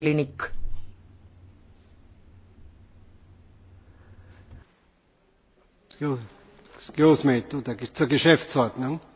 klinik. Excuse me, to the Geschäftsordnung.